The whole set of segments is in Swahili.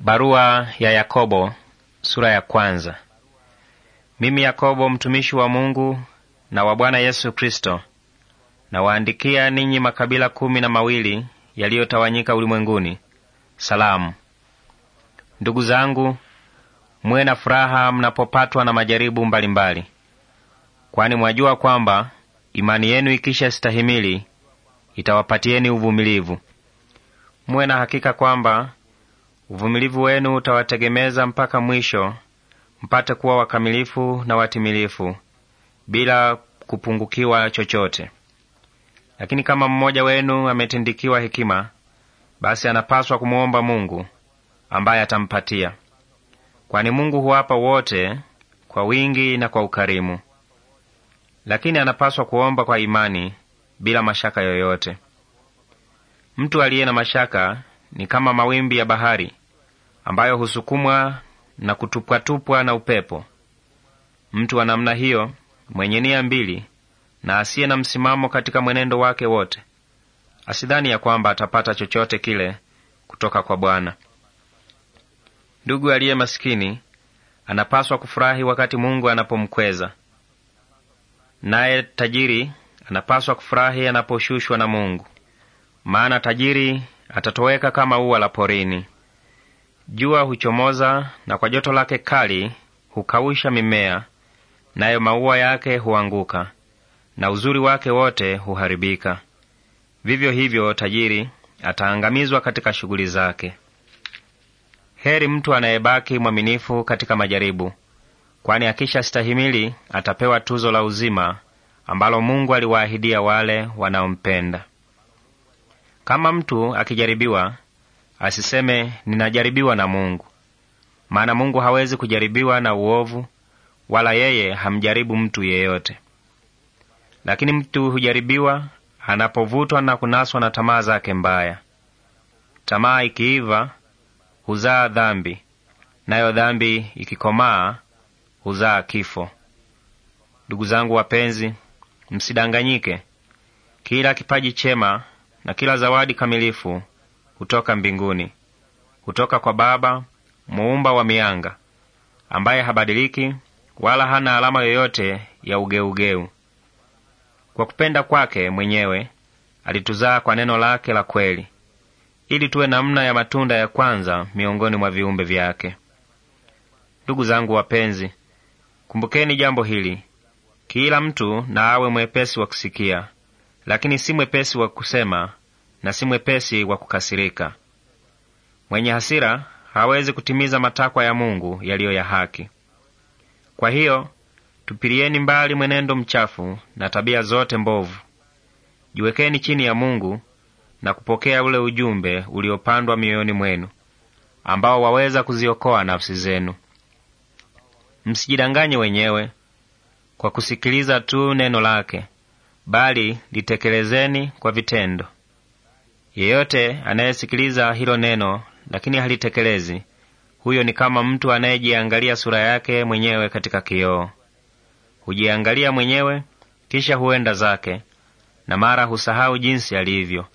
Barua ya Yakobo sura ya kwanza. Mimi Yakobo mtumishi wa Mungu na wa Bwana Yesu Kristo, nawaandikia ninyi makabila kumi na mawili yaliyotawanyika ulimwenguni, salamu. Ndugu zangu, muwe na furaha mnapopatwa na majaribu mbalimbali, kwani mwajua kwamba imani yenu ikisha stahimili itawapatieni uvumilivu. Muwe na hakika kwamba Uvumilivu wenu utawategemeza mpaka mwisho, mpate kuwa wakamilifu na watimilifu bila kupungukiwa chochote. Lakini kama mmoja wenu ametindikiwa hekima, basi anapaswa kumwomba Mungu ambaye atampatia, kwani Mungu huwapa wote kwa wingi na kwa ukarimu. Lakini anapaswa kuomba kwa imani bila mashaka yoyote. Mtu aliye na mashaka ni kama mawimbi ya bahari ambayo husukumwa na kutupwatupwa na upepo. Mtu wa namna hiyo, mwenye nia mbili na asiye na msimamo katika mwenendo wake wote, asidhani ya kwamba atapata chochote kile kutoka kwa Bwana. Ndugu aliye masikini anapaswa kufurahi wakati Mungu anapomkweza, naye tajiri anapaswa kufurahi anaposhushwa na Mungu, maana tajiri atatoweka kama ua la porini. Jua huchomoza na kwa joto lake kali hukausha mimea, nayo maua yake huanguka na uzuri wake wote huharibika. Vivyo hivyo tajiri ataangamizwa katika shughuli zake. Heri mtu anayebaki mwaminifu katika majaribu, kwani akisha stahimili atapewa tuzo la uzima ambalo Mungu aliwaahidia wale wanaompenda. Kama mtu akijaribiwa asiseme ninajaribiwa na Mungu, maana Mungu hawezi kujaribiwa na uovu, wala yeye hamjaribu mtu yeyote. Lakini mtu hujaribiwa anapovutwa na kunaswa na tamaa zake mbaya. Tamaa ikiiva huzaa dhambi, nayo dhambi ikikomaa huzaa kifo. Ndugu zangu wapenzi, msidanganyike. Kila kipaji chema na kila zawadi kamilifu kutoka mbinguni, kutoka kwa Baba muumba wa mianga, ambaye habadiliki wala hana alama yoyote ya ugeugeu. Kwa kupenda kwake mwenyewe alituzaa kwa neno lake la kweli, ili tuwe namna ya matunda ya kwanza miongoni mwa viumbe vyake. Ndugu zangu wapenzi, kumbukeni jambo hili: kila mtu na awe mwepesi wa kusikia, lakini si mwepesi wa kusema, na si mwepesi wa kukasirika. Mwenye hasira hawezi kutimiza matakwa ya Mungu yaliyo ya haki. Kwa hiyo tupilieni mbali mwenendo mchafu na tabia zote mbovu. Jiwekeni chini ya Mungu na kupokea ule ujumbe uliopandwa mioyoni mwenu, ambao waweza kuziokoa nafsi zenu. Msijidanganye wenyewe kwa kusikiliza tu neno lake, bali litekelezeni kwa vitendo. Yeyote anayesikiliza hilo neno lakini halitekelezi, huyo ni kama mtu anayejiangalia sura yake mwenyewe katika kioo. Hujiangalia mwenyewe kisha huenda zake, na mara husahau jinsi alivyo.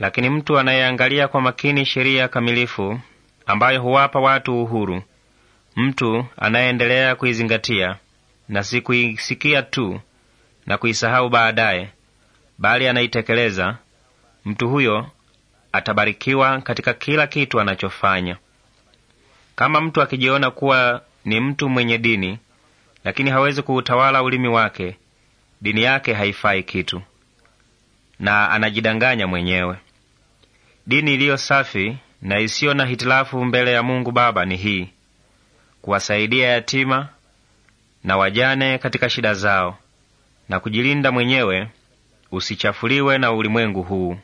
Lakini mtu anayeangalia kwa makini sheria kamilifu ambayo huwapa watu uhuru, mtu anayeendelea kuizingatia na si kuisikia tu na kuisahau baadaye, bali anaitekeleza mtu huyo atabarikiwa katika kila kitu anachofanya. Kama mtu akijiona kuwa ni mtu mwenye dini lakini hawezi kuutawala ulimi wake, dini yake haifai kitu na anajidanganya mwenyewe. Dini iliyo safi na isiyo na hitilafu mbele ya Mungu Baba ni hii: kuwasaidia yatima na wajane katika shida zao na kujilinda mwenyewe usichafuliwe na ulimwengu huu.